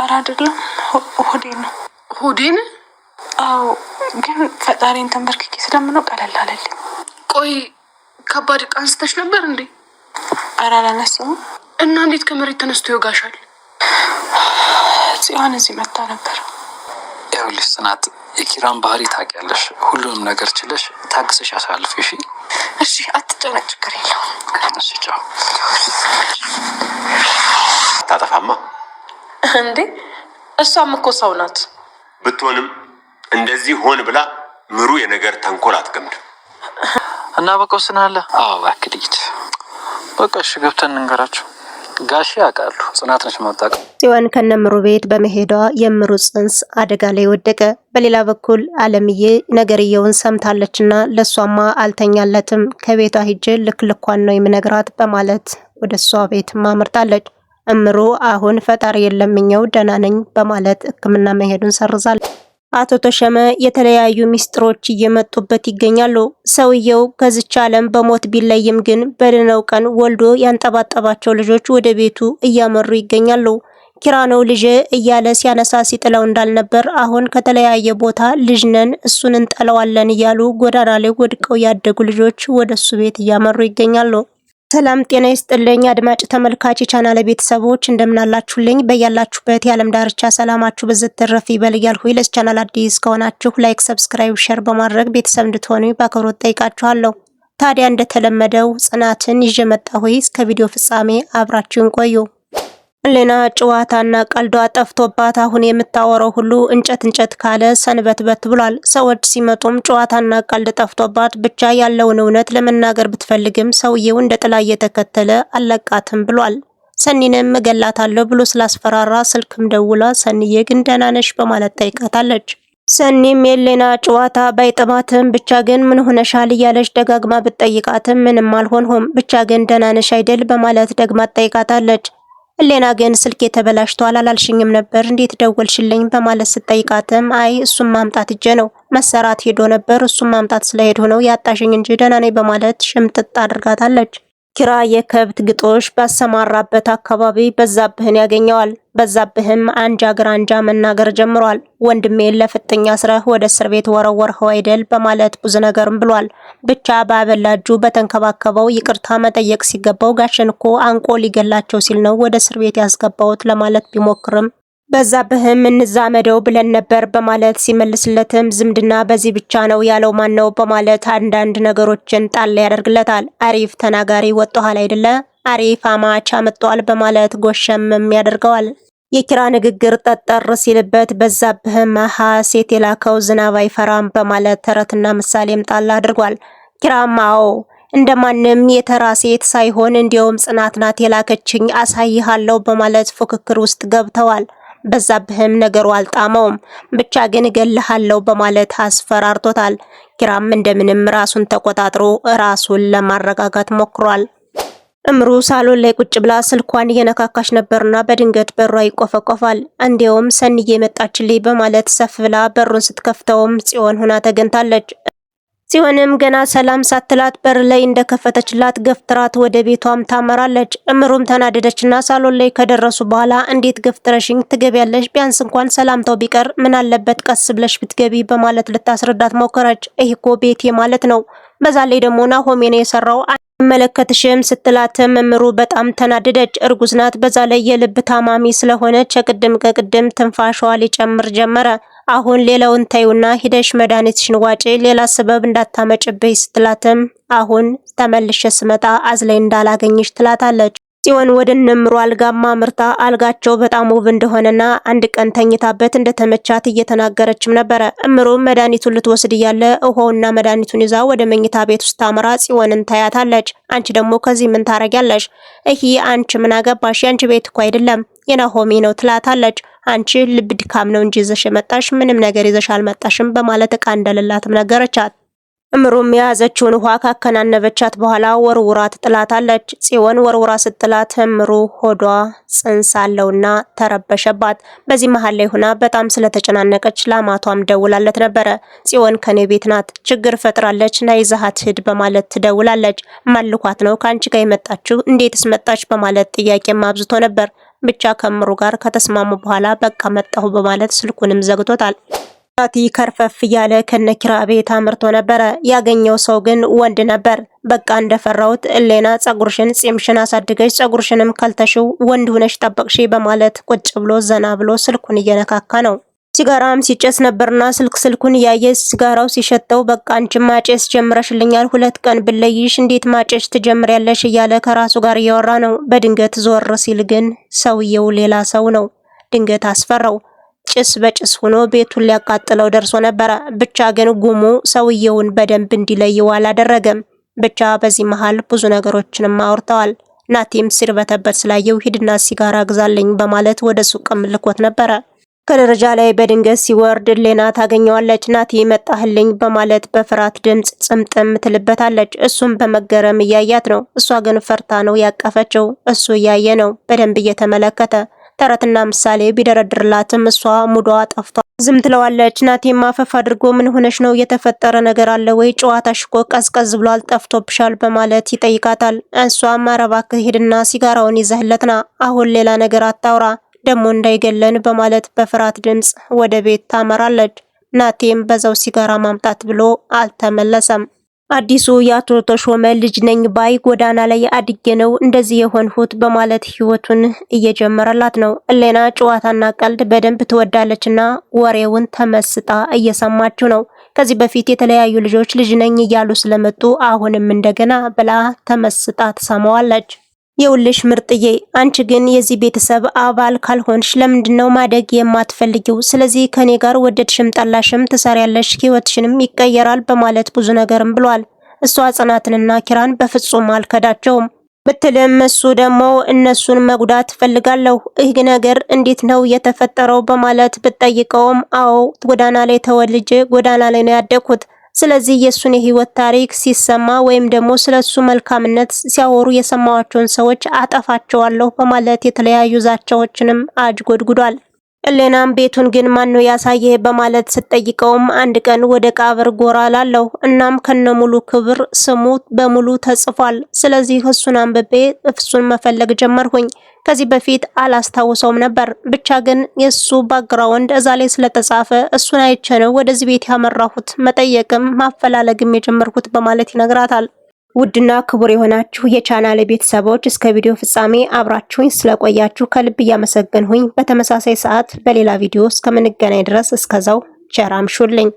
ፈጣሪ አይደለም ሆዴ ነው። ሆዴን? አዎ፣ ግን ፈጣሪን ተንበርክኬ ስለምነው ቀለል አለልኝ። ቆይ ከባድ ዕቃ አንስተሽ ነበር እንዴ? ኧረ አላነሳሁም። እና እንዴት ከመሬት ተነስቶ ይወጋሻል? ጽዮን እዚህ መታ ነበር። ይኸውልሽ ጽናት፣ የኪራን ባህሪ ታውቂያለሽ። ሁሉንም ነገር ችለሽ ታግሰሽ ያሳልፍ። እሺ፣ እሺ፣ አትጨነቅ፣ ችግር የለውም። ታጠፋማ እንዴ እሷም እኮ ሰው ናት። ብትሆንም እንደዚህ ሆን ብላ ምሩ የነገር ተንኮል አትገምድ እና በቃ ስናለ አዎ እባክህ ልጅት በቃ እሺ፣ ገብተን እንንገራቸው። ጋሺ ያውቃሉ። ጽናት ነች ማጣቀ ጽዮን ከነምሩ ቤት በመሄዷ የምሩ ጽንስ አደጋ ላይ ወደቀ። በሌላ በኩል አለምዬ ነገርየውን ሰምታለችና ለእሷማ አልተኛለትም ከቤቷ ሂጅ ልክልኳን ነው የምነግራት በማለት ወደ እሷ ቤት ማምርታለች። እምሩ አሁን ፈጣሪ የለም እኛው ደህና ነኝ በማለት ሕክምና መሄዱን ሰርዛል። አቶ ተሸመ የተለያዩ ሚስጥሮች እየመጡበት ይገኛሉ። ሰውየው ከዚች ዓለም በሞት ቢለይም ግን በድነው ቀን ወልዶ ያንጠባጠባቸው ልጆች ወደ ቤቱ እያመሩ ይገኛሉ። ኪራነው ልጅ እያለ ሲያነሳ ሲጥለው እንዳልነበር አሁን ከተለያየ ቦታ ልጅ ነን እሱን እንጠለዋለን እያሉ ጎዳና ላይ ወድቀው ያደጉ ልጆች ወደ እሱ ቤት እያመሩ ይገኛሉ። ሰላም ጤና ይስጥልኝ አድማጭ ተመልካች የቻናል ቤተሰቦች እንደምናላችሁልኝ በያላችሁበት የዓለም ዳርቻ ሰላማችሁ ብዝት ትረፍ ይበል እያልሁ ለዚ ቻናል አዲስ ከሆናችሁ ላይክ፣ ሰብስክራይብ፣ ሸር በማድረግ ቤተሰብ እንድትሆኑ በአክብሮት ጠይቃችኋለሁ። ታዲያ እንደተለመደው ጽናትን ይዤ መጣሁ። እስከ ቪዲዮ ፍጻሜ አብራችሁን ቆዩ። ሌና ጨዋታና ቀልዷ ጠፍቶባት አሁን የምታወራው ሁሉ እንጨት እንጨት ካለ ሰንበትበት ብሏል። ሰዎች ሲመጡም ጨዋታና ቀልድ ጠፍቶባት ብቻ ያለውን እውነት ለመናገር ብትፈልግም ሰውየው እንደ ጥላ እየተከተለ አለቃትም ብሏል። ሰኒንም እገላታለሁ ብሎ ስላስፈራራ ስልክም ደውላ ሰኒዬ ግን ደህና ነሽ በማለት ጠይቃታለች። ሰኒም የሌና ጨዋታ ባይጥማትም ብቻ ግን ምን ሆነሻል እያለች ደጋግማ ብትጠይቃትም ምንም አልሆንሁም ብቻ ግን ደህና ነሽ አይደል በማለት ደግማ ትጠይቃታለች። ህሌና ግን ስልኬ ተበላሽቷል አላልሽኝም ነበር እንዴት ደወልሽልኝ? በማለት ስጠይቃትም አይ እሱም ማምጣት እጄ ነው መሰራት ሄዶ ነበር እሱም ማምጣት ስለሄድ ነው ያጣሽኝ እንጂ ደህና ነኝ በማለት ሽምጥጥ አድርጋታለች። ኪራ የከብት ግጦሽ ባሰማራበት አካባቢ በዛብህን ያገኘዋል። በዛብህም አንጃ ግራንጃ መናገር ጀምሯል። ወንድሜን ለፍጥኝ አስረህ ወደ እስር ቤት ወረወርኸው አይደል በማለት ብዙ ነገርም ብሏል። ብቻ በአበላጁ በተንከባከበው ይቅርታ መጠየቅ ሲገባው ጋሸን እኮ አንቆ ሊገላቸው ሲል ነው ወደ እስር ቤት ያስገባውት ለማለት ቢሞክርም በዛብህም እንዛመደው ብለን ነበር በማለት ሲመልስለትም ዝምድና በዚህ ብቻ ነው ያለው ማን ነው በማለት አንዳንድ ነገሮችን ጣል ያደርግለታል። አሪፍ ተናጋሪ ወጥቷል አይደለ? አሪፍ አማች አመጧል በማለት ጎሸምም ያደርገዋል። የኪራ ንግግር ጠጠር ሲልበት በዛብህም አሃ ሴት የላከው ዝናብ አይፈራም በማለት ተረትና ምሳሌም ጣል አድርጓል። ኪራም አዎ እንደማንም የተራ ሴት ሳይሆን እንዲያውም ጽናት ናት የላከችኝ አሳይሃለሁ በማለት ፉክክር ውስጥ ገብተዋል። በዛብህም ነገሩ አልጣመውም። ብቻ ግን እገልሃለሁ በማለት አስፈራርቶታል። ኪራም እንደምንም ራሱን ተቆጣጥሮ ራሱን ለማረጋጋት ሞክሯል። እምሩ ሳሎን ላይ ቁጭ ብላ ስልኳን እየነካካች ነበርና በድንገት በሯ ይቆፈቆፋል። እንዲያውም ሰንዬ መጣችልኝ በማለት ሰፍ ብላ በሩን ስትከፍተውም ጽዮን ሆና ተገኝታለች። ሲሆንም ገና ሰላም ሳትላት በር ላይ እንደከፈተችላት ገፍትራት ወደ ቤቷም ታመራለች። እምሩም ተናደደችና ሳሎን ላይ ከደረሱ በኋላ እንዴት ገፍትረሽኝ ትገቢያለሽ? ቢያንስ እንኳን ሰላምታው ቢቀር ምን አለበት ቀስ ብለሽ ብትገቢ በማለት ልታስረዳት ሞከረች። ይህኮ ቤቴ ማለት ነው። በዛ ላይ ደግሞ ናሆሜ ነው የሰራው መለከትሽም ስትላትም እምሩ በጣም ተናደደች። እርጉዝ ናት። በዛ ላይ የልብ ታማሚ ስለሆነች የቅድም ከቅድም ትንፋሿ ሊጨምር ጀመረ። አሁን ሌላውን ታዩና ሂደሽ መድኃኒትሽን ዋጪ፣ ሌላ ስበብ እንዳታመጭብኝ ስትላትም አሁን ተመልሼ ስመጣ አዝለኝ እንዳላገኝሽ ትላታለች። ጽዮን ወደ ንምሩ አልጋ ማምርታ አልጋቸው በጣም ውብ እንደሆነና አንድ ቀን ተኝታበት እንደተመቻት እየተናገረችም ነበረ። እምሩ መድኃኒቱን ልትወስድ እያለ ውሃውና መድኃኒቱን ይዛ ወደ መኝታ ቤት ውስጥ አምራ ጽዮንን ታያታለች። አንቺ ደግሞ ከዚህ ምን ታረጊያለሽ? እሂ አንቺ ምን አገባሽ? ያንቺ ቤት እኮ አይደለም የናሆሚ ነው ትላታለች። አንቺ ልብ ድካም ነው እንጂ ይዘሽ የመጣሽ ምንም ነገር ይዘሽ አልመጣሽም በማለት እቃ እንደሌላትም ነገረቻት። እምሩም የያዘችውን ውሃ ካከናነበቻት በኋላ ወርውራ ትጥላታለች። ጽዮን ወርውራ ስትጥላት እምሩ ሆዷ ጽንስ አለውና ተረበሸባት። በዚህ መሀል ላይ ሆና በጣም ስለተጨናነቀች ለአማቷም ደውላለት ነበረ። ጽዮን ከኔ ቤት ናት፣ ችግር ፈጥራለች፣ ና ይዛሃት ሂድ በማለት ትደውላለች። ማልኳት ነው ከአንቺ ጋር የመጣችው እንዴትስ መጣች በማለት ጥያቄም አብዝቶ ነበር። ብቻ ከምሩ ጋር ከተስማሙ በኋላ በቃ መጣሁ በማለት ስልኩንም ዘግቶታል። ታቲ ከርፈፍ እያለ ከነኪራ ቤት አምርቶ ነበረ። ያገኘው ሰው ግን ወንድ ነበር። በቃ እንደፈራሁት እሌና ጸጉርሽን ጺምሽን አሳድገሽ ጸጉርሽንም ከልተሽው ወንድ ሁነሽ ጠበቅሽ በማለት ቁጭ ብሎ ዘና ብሎ ስልኩን እየነካካ ነው። ሲጋራም ሲጨስ ነበርና ስልክ ስልኩን እያየ ሲጋራው ሲሸተው በቃ አንቺ ማጨስ ጀምረሽልኛል፣ ሁለት ቀን ብለይሽ እንዴት ማጨሽ ትጀምሪያለሽ እያለ ከራሱ ጋር እያወራ ነው። በድንገት ዞር ሲል ግን ሰውየው ሌላ ሰው ነው። ድንገት አስፈራው። ጭስ በጭስ ሆኖ ቤቱን ሊያቃጥለው ደርሶ ነበረ። ብቻ ግን ጉሙ ሰውየውን በደንብ እንዲለየው አላደረገም። ብቻ በዚህ መሃል ብዙ ነገሮችንም አውርተዋል። ናቲም ሲርበተበት ስላየው ሂድና ሲጋራ ግዛለኝ በማለት ወደ ሱቅም ልኮት ነበረ። ከደረጃ ላይ በድንገት ሲወርድ ሌና ታገኘዋለች። ናቲ መጣህልኝ በማለት በፍርሃት ድምፅ ጽምጥም ትልበታለች። እሱም በመገረም እያያት ነው። እሷ ግን ፈርታ ነው ያቀፈችው። እሱ እያየ ነው በደንብ እየተመለከተ ተረትና ምሳሌ ቢደረድርላትም እሷ ሙዷ ጠፍቷል። ዝም ትለዋለች። ናቲም አፈፍ አድርጎ ምን ሆነሽ ነው? የተፈጠረ ነገር አለ ወይ? ጨዋታ እኮ ቀዝቀዝ ብሏል፣ ጠፍቶብሻል በማለት ይጠይቃታል። እሷም ማረባ እባክህ ሂድና ሲጋራውን ይዘህለትና። አሁን ሌላ ነገር አታውራ ደሞ እንዳይገለን በማለት በፍርሃት ድምፅ ወደ ቤት ታመራለች። ናቴም በዛው ሲጋራ ማምጣት ብሎ አልተመለሰም። አዲሱ የአቶ ተሾመ ልጅ ነኝ ባይ ጎዳና ላይ አድጌ ነው እንደዚህ የሆንሁት በማለት ህይወቱን እየጀመረላት ነው። እሌና ጨዋታና ቀልድ በደንብ ትወዳለችና ወሬውን ተመስጣ እየሰማችው ነው። ከዚህ በፊት የተለያዩ ልጆች ልጅ ነኝ እያሉ ስለመጡ አሁንም እንደገና ብላ ተመስጣ ትሰማዋለች። የውልሽ ምርጥዬ አንቺ ግን የዚህ ቤተሰብ አባል ካልሆንሽ ለምንድን ነው ማደግ የማትፈልጊው? ስለዚህ ከኔ ጋር ወደድሽም ጠላሽም ትሰሪያለሽ፣ ህይወትሽንም ይቀየራል በማለት ብዙ ነገርም ብሏል። እሷ ጽናትንና ኪራን በፍጹም አልከዳቸውም ብትልም እሱ ደግሞ እነሱን መጉዳት ፈልጋለሁ፣ ይህ ነገር እንዴት ነው የተፈጠረው በማለት ብትጠይቀውም አዎ ጎዳና ላይ ተወልጄ ጎዳና ላይ ነው ያደግኩት ስለዚህ የእሱን የህይወት ታሪክ ሲሰማ ወይም ደግሞ ስለ እሱ መልካምነት ሲያወሩ የሰማዋቸውን ሰዎች አጠፋቸዋለሁ በማለት የተለያዩ ዛቻዎችንም አጅጎድጉዷል። እሌናም ቤቱን ግን ማን ነው ያሳየህ በማለት ስትጠይቀውም አንድ ቀን ወደ ቃብር ጎራ ላለው እናም ከነሙሉ ክብር ስሙ በሙሉ ተጽፏል። ስለዚህ እሱን አንብቤ እፍሱን መፈለግ ጀመርሁኝ። ከዚህ በፊት አላስታውሰውም ነበር። ብቻ ግን የሱ ባግራውንድ እዛ ላይ ስለተጻፈ እሱን አይቼ ነው ወደዚህ ቤት ያመራሁት መጠየቅም ማፈላለግም የጀመርኩት በማለት ይነግራታል። ውድና ክቡር የሆናችሁ የቻናል ቤተሰቦች እስከ ቪዲዮ ፍጻሜ አብራችሁኝ ስለቆያችሁ ከልብ እያመሰገንሁኝ፣ በተመሳሳይ ሰዓት በሌላ ቪዲዮ እስከምንገናኝ ድረስ እስከዛው ቸር አምሹልኝ።